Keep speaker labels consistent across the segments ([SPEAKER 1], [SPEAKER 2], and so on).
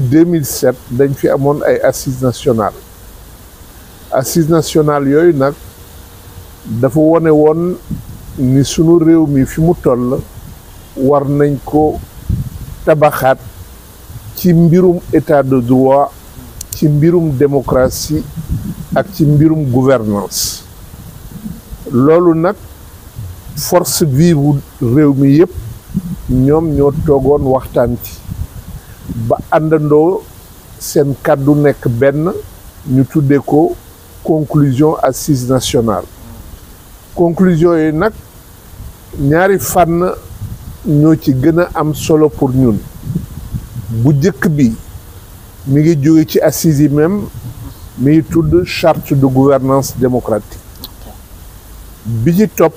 [SPEAKER 1] 2007 dañ fi amone ay assises nationales assises nationales nak dafa woné won ni sunu réew fi mu toll war nañ ko état de droit ci mbirum démocratie ak ci mbirum gouvernance force vive réew mi ñoo ba àndandoo seen kàddu nekk benn ñu tuddee ko conclusion assise nationale conclusion yi nak ñaari fànn ñoo ci gën am solo pour ñun bu jëk bi mi ngi joggé ci assise même mi tudd charte de gouvernance démocratique bi ci top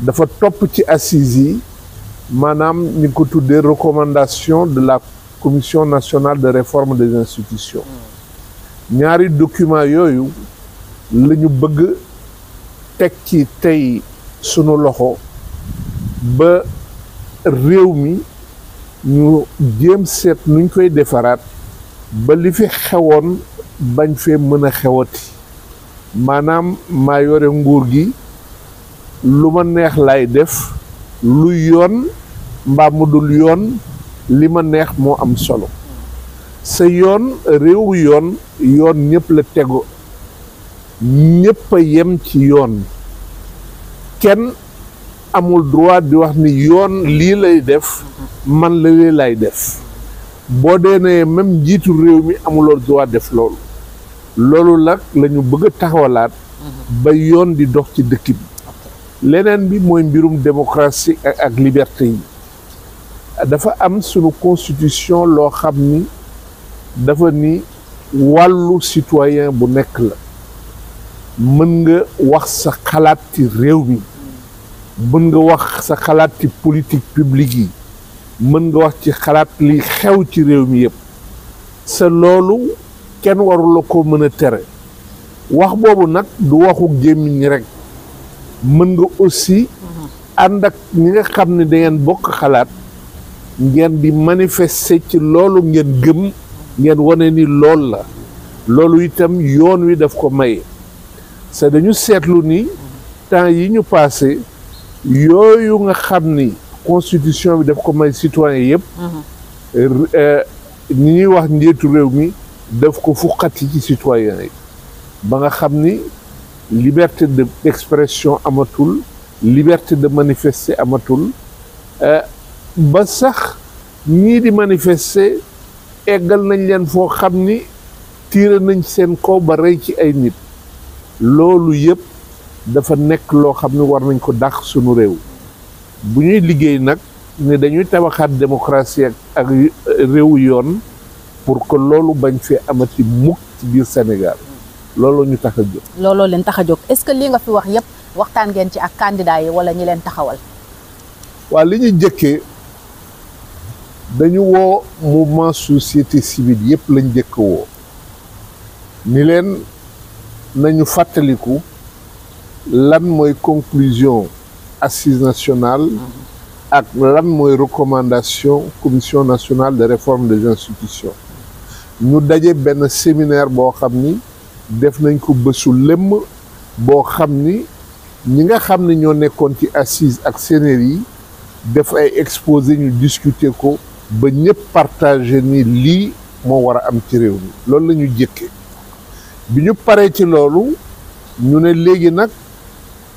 [SPEAKER 1] dafa top ci assise yi maanaam ñu ko tuddé recommandation de la commission nationale de réforme des institutions ñaari document yooyu lañu bëgg teg ci tey sunu loxo ba réew mi ñu jéem seet nuñ koy defaraat ba li fi xewoon bañ fee mën a xewati maanaam mayore nguur gi lu ma neex lay def lu yoon mbaa mu dul yoon li ma neex moo am solo sa yoon réewu yoon yoon ñëpp la tego ñëpp a yem ci yoon kenn amul droit di wax ni yoon lii lay def man la lii lay def boo dee ne même njiitu réew mi amuloo droit def loolu loolu la lañu bëgg a taxawalaat ba yoon di dox ci dëkk bi leneen bi mooy mbirum démocratie ak liberté yi dafa am sunu constitution loo xam ni dafa ni wàllu citoyen bu nekk la mën nga wax sa xalaat ci réew mi mën nga wax sa xalaat ci politique publique yi mën nga wax ci xalaat li xew ci réew mi yépp sa loolu kenn waru la ko mën a tere wax boobu nag du waxu gémmiñ ñi rek mën nga aussi mhm. ànd ak ñi nga xam ne dangeen bokk xalaat ngeen bi manifester ci loolu ngeen gëm ngeen wane ni lool la loolu itam yoon wi daf ko may se dañu seetlu ni temps yi ñu paase yooyu nga xam ni constitution bi daf ko may citoyen yëpp mhm. euh, ni ñuy wax njeetu réew mi daf ko fuqati ci citoyen yi ba nga xam ni liberté d'expression amatul liberté de manifester amatul euh, ba sax ñii di manifester eggal nañ leen foo xam ni tiire nañ seen ko ba rey ci ay nit loolu yépp dafa nekk loo xam ni war nañ ko dàq sunu réew bu ñuy liggéey nag ne dañuy tabaxaat démocratie ak ak réew yoon pour que loolu bañ fi amati mukk ci biir Sénégal loolu ñu tax a jóg
[SPEAKER 2] looloo leen tax a jóg est ce que li nga fi wax yépp waxtaan ngeen ci ak candidat yi wala ñi leen taxawal
[SPEAKER 1] waa li ñu jëkkee dañu wo mouvement société civile y lañ njëkk woo ni leen nañu conclusion assise nationale ak recommandation commission nationale de réforme des institutions ñu daje un séminaire boo xam ni def nañ ko bésu lëmm boo xam ni ñoo assise ak exposé ñu discuter ko ba ñëpp partage ni lii moo war a am ci réew mi loolu la ñu jëkke bi ñu paree ci loolu ñu ne léegi nag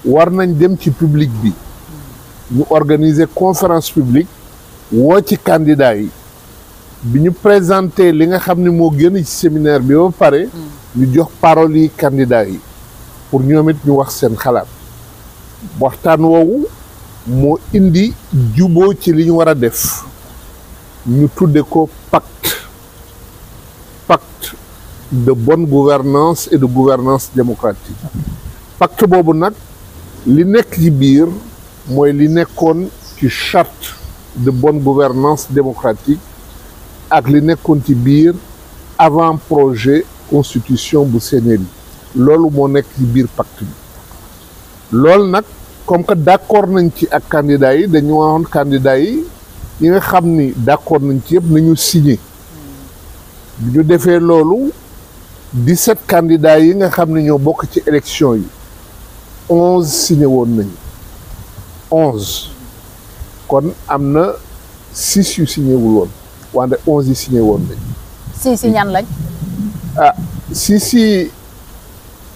[SPEAKER 1] war nañ dem ci public bi ñu organiser conférence publique woo ci candidat yi bi ñu présenté li nga xam ni moo gën ci séminaire bi ba pare ñu jox parole yi candidat yi pour ñoom it ñu wax seen xalaat waxtaan woowu moo indi juboo ci li ñu war a def ñu tudde ko pacte pacte de bonne gouvernance et de gouvernance démocratique pacte boobu nag li nekk ci biir mooy li nekkoon ci charte de bonne gouvernance démocratique ak li nekkoon ci biir avant projet constitution bu Sénégal loolu moo nekk ci biir pacte bi loolu nag comme que d'accord nañ ci ak candidat yi dañu waxoon candidat yi il nga nañ ci signé candidats yi nga xam ñoo bokk ci élection yi 11 signé woon nañu 11 kon am na yu signé wul yi signé ah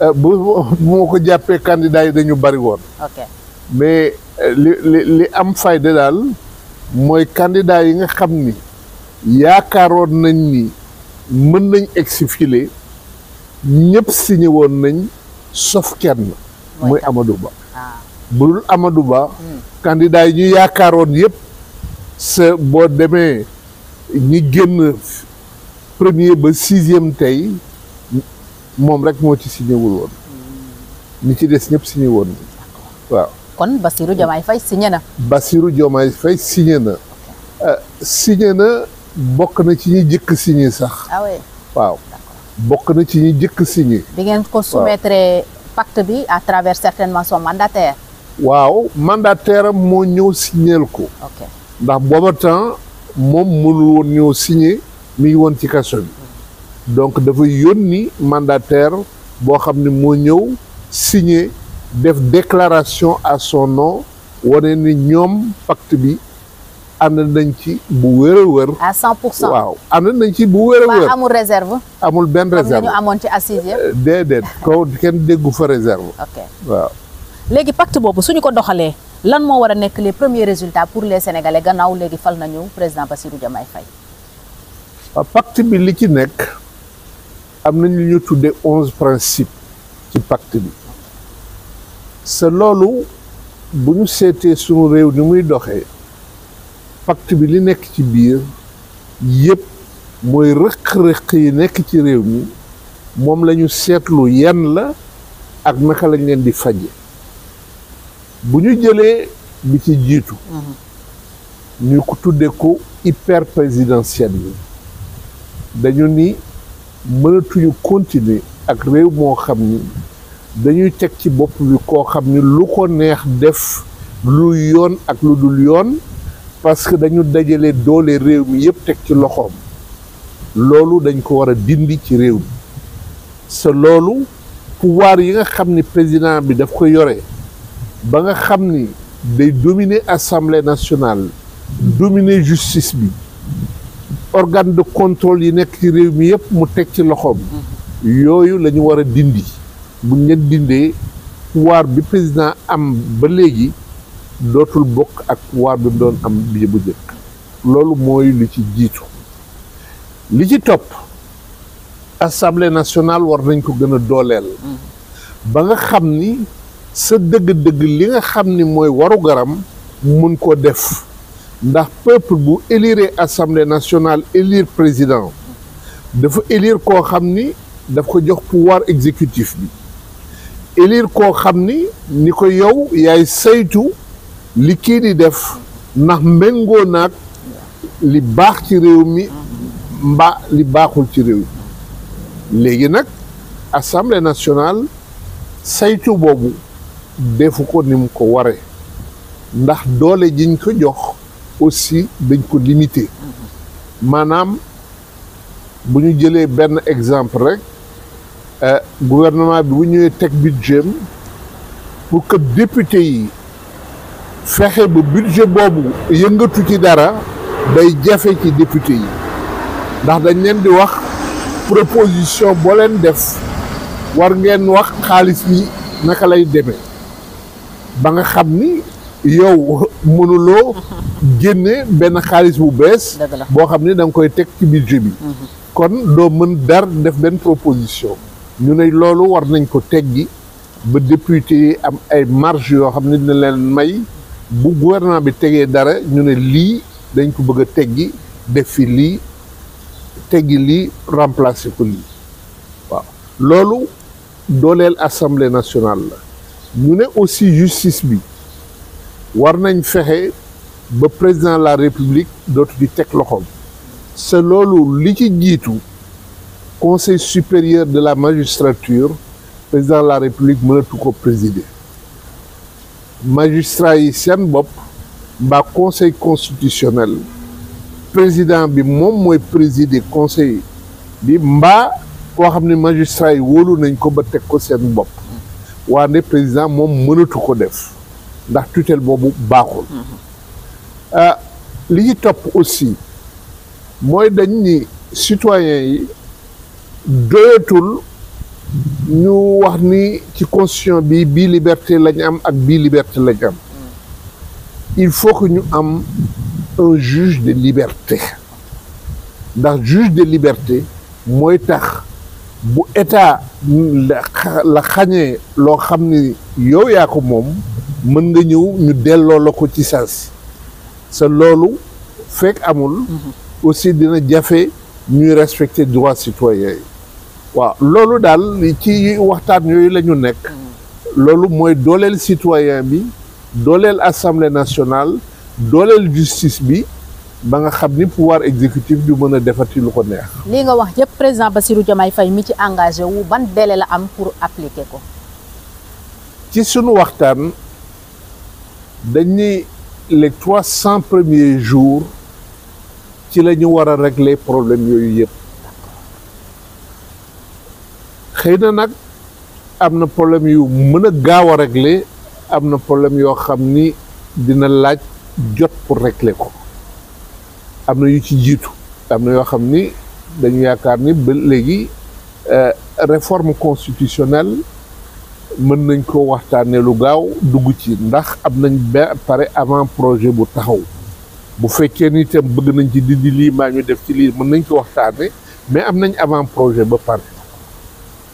[SPEAKER 1] euh, candidats yi dañu bari mais les euh, li li mooy candidat yi nga xam ni yaakaaroon nañ ni mën nañ exfilé ñëpp signé woon nañ sauf kenn muy Amadou Ba ah. bu dul Amadou Ba hmm. candidat yi ñu yaakaaroon yëpp sa boo demee ñi génn premier ba sixième tey moom rek moo ci signé wul woon hmm. ci des ñëpp signé woon waaw
[SPEAKER 2] kon basiru Diomaye Faye signé na.
[SPEAKER 1] Basiru Diomaye Faye signé na. Euh, signé na bok na ci ñi jëk signé sax. ah oui waaw bok na ci ñi jëk signé.
[SPEAKER 2] di ngeen ko soumettre pacte bi à travers certainement son mandataire.
[SPEAKER 1] waaw mandataire mo signé ñëw ko. ok ndax booba temps mom mënul won signé mi won ci kaso bi. donc dafa yoni mandataire boo xam ne moo ñëw signé def déclaration à son nom woné ni ñom pacte bi ànd nañ ci bu wër wër.
[SPEAKER 2] à 100 waaw
[SPEAKER 1] ànd nañ ci bu wër wër. amul réserve. amul ben réserve ñu
[SPEAKER 2] amoon ci assise yëpp. Euh,
[SPEAKER 1] déedéet kaw kenn déggu fa réserve. ok waaw.
[SPEAKER 2] légui pacte bobu suñu ko doxalé lan mo wara a nekk les premiers résultats pour les sénégalais gannaaw légui fal nañu président Bassirou Diomaye Faye.
[SPEAKER 1] waaw ah, pacte bi li ci nekk am nañ ñu tuddee onze principes ci pacte bi. sa loolu bu ñu seetee suñu réew ni muy doxee pacte bi li nekk ci biir yépp mooy rëq-rëq yi nekk ci réew mi moom lañu ñu seetlu yan la ak naka lañ ngeen di faje bu ñu jëlee bi ci jiitu mm-hmm. ñu ko tuddee ko hyper présidentiel yi dañu ni mënatuñu continuer ak réew moo xam ni dañuy teg ci bopp bi koo xam ni lu ko neex def lu yoon ak lu dul yoon parce que dañu dajale doole réew mi yëpp teg ci loxoom loolu dañ ko war a dindi ci réew mi sa loolu pouvoir yi nga xam ni président bi daf ko yore ba nga xam ni day dominer assemblée nationale dominer justice bi organe de contrôle yi nekk ci réew mi yëpp mu teg ci loxoom mm-hmm. yooyu lañu ñu war a dindi bu leen dindee bi président am ba léegi dootul bokk ak pouvoir bi doon am bi bu loolu mooy lu ci jiitu li ci topp assemblée nationale war nañ ko gën a dooleel mm-hmm. ba nga xam ni sa dëgg-dëgg li nga xam ni mooy waru garam mun ko def ndax peuple bu élire assemblée nationale élire président dafa élire koo xam ni daf ko jox pouvoir exécutif bi élire koo xam ni ni ko yow yaay saytu li kii di def ndax méngoo naag li baax ci réew mi mbaa li baaxul ci réew mi léegi nag assemblée national saytu boobu defu ko ni mu ko ware ndax doole jiñ ko jox aussi dañ ko limité maanaam bu ñu jëlee benn exemple rek Euh, gouvernement bi bu ñëwee teg budget pour que député yi fexe ba budget boobu yëngatu ci dara day jafe ci député yi ndax dañ leen di wax proposition boo leen def war ngeen wax xaalis yi naka lay demee ba nga xam ni yow mënuloo génne benn xaalis bu bees boo xam ni da koy teg ci budget bi mhm. kon doo mën dar def benn proposition ñu ne loolu war nañ ko teggi ba député yi am ay marge yoo xam dina leen may bu gouvernement bi dara ñu ne lii dañ ko bëgg a def remplacer ko waaw assemblée nationale la aussi justice bi war nañ fexe ba président de la république dootu di teg loxoom. loolu li ci conseil supérieur de la magistrature président de la république mënatu ko présider magistrat yi Bop, conseil constitutionnel président bi président moy conseil bi mba ko xamni magistrat yi nañ ko ba tek ko sen bop wa ne président moom mënatu ko def ndax tutelle boobu euh li aussi moy dañ ni citoyen yi doyatul ñu wax ni ci constitution bi bi liberté lañ am ak bi liberté lañ am il faut que ñu am un juge de liberté ndax juge de liberté mooy tax bu état la xañee loo xam ni yow yaa ko moom mën nga ñëw ñu delloo la ko ci sens sa loolu fekk amul mm-hmm. aussi dina jafe ñuy respecter droit citoyen yi ce dal ci waxtaan c'est la nekk. citoyen bi assemblée nationale dolel justice bi ba pouvoir exécutif du monde a defati lu ko neex.
[SPEAKER 2] li nga wax président Bassirou Diomaye fay mi ci engagé wu ban la pour appliquer ko.
[SPEAKER 1] ci sunu les 300 premiers jours ci lañu wara régler problème yoyu xëy na nag am na problème yu mën a gaaw regle am na problème yoo xam ni dina laaj jot pour régler ko am na yu ci jiitu am na yoo xam ni dañu yaakaar ni ba léegi euh, réforme constitutionnelle mën nañ ko waxtaanee lu gaaw dugg ci ndax am nañ ba pare avant projet bu taxaw bu fekkee ni itam bëgg nañ ci di lii maa ñu def ci lii mën nañ ko waxtaanee mais am nañ avant projet ba pare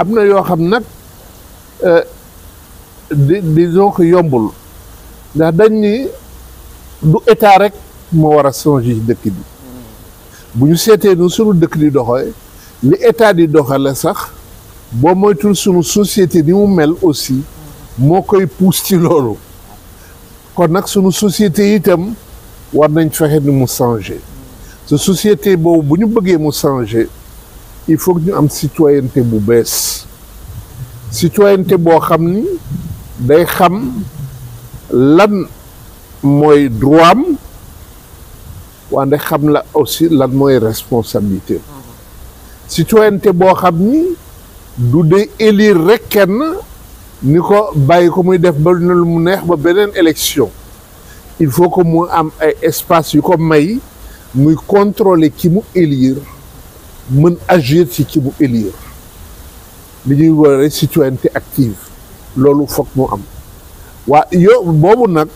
[SPEAKER 1] am na yoo xam nag euh, di disons que yombul ndax dañ ni du état rek moo war a changer dëkk bi bu ñu seetee nu sunu dëkk di doxee li état di doxale sax boo moytul sunu société ni mu mel aussi moo koy pousse ci loolu kon nag sunu société itam war nañ fexe ni mu changer su société boobu bu ñu bëggee mu changer il faut que ñu am citoyenneté bu bees citoyenneté boo xam ni day xam lan mooy droit am wante xam la aussi lan mooy responsabilité citoyenneté boo xam ni du dee élire rek kenn ni ko bàyyi ko muy def ba lu mu neex ba beneen élection il faut que mu am espace yu ko may muy contrôler ki mu élire mën agir ci ci mu élire li ñuy ware citoyenneté active loolu foog mu am waa yo boobu nag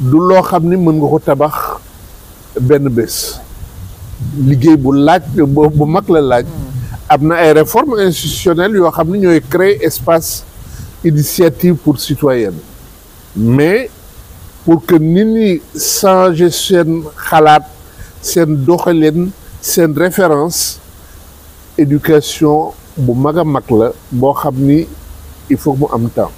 [SPEAKER 1] du loo xam ni mën nga ko tabax benn bés liggéey bu laaj bu mag la laaj hmm. am na ay réformes institutionnelles yoo xam ni ñooy créer espace initiative pour citoyenne mais pour que nit ñi changer seen xalaat seen doxalin seen référence éducation bu mag a mag la boo il faut mu am